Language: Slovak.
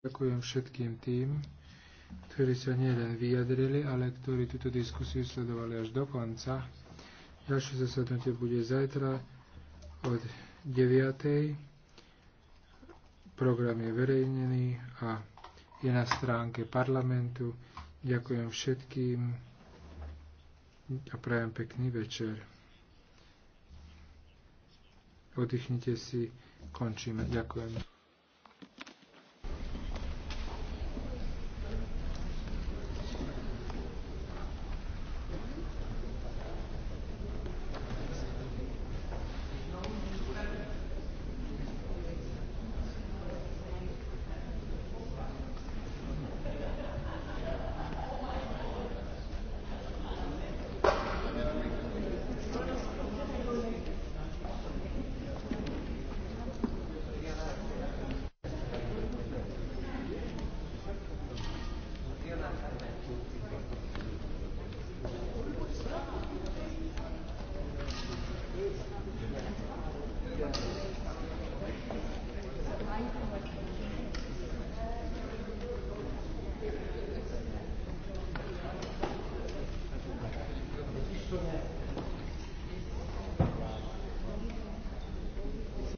Ďakujem všetkým tým, ktorí sa nielen vyjadrili, ale ktorí túto diskusiu sledovali až do konca. Ďalšie zasadnutie bude zajtra od 9. Program je verejnený a je na stránke parlamentu. Ďakujem všetkým a prajem pekný večer. Oddychnite si, končíme. Ďakujem.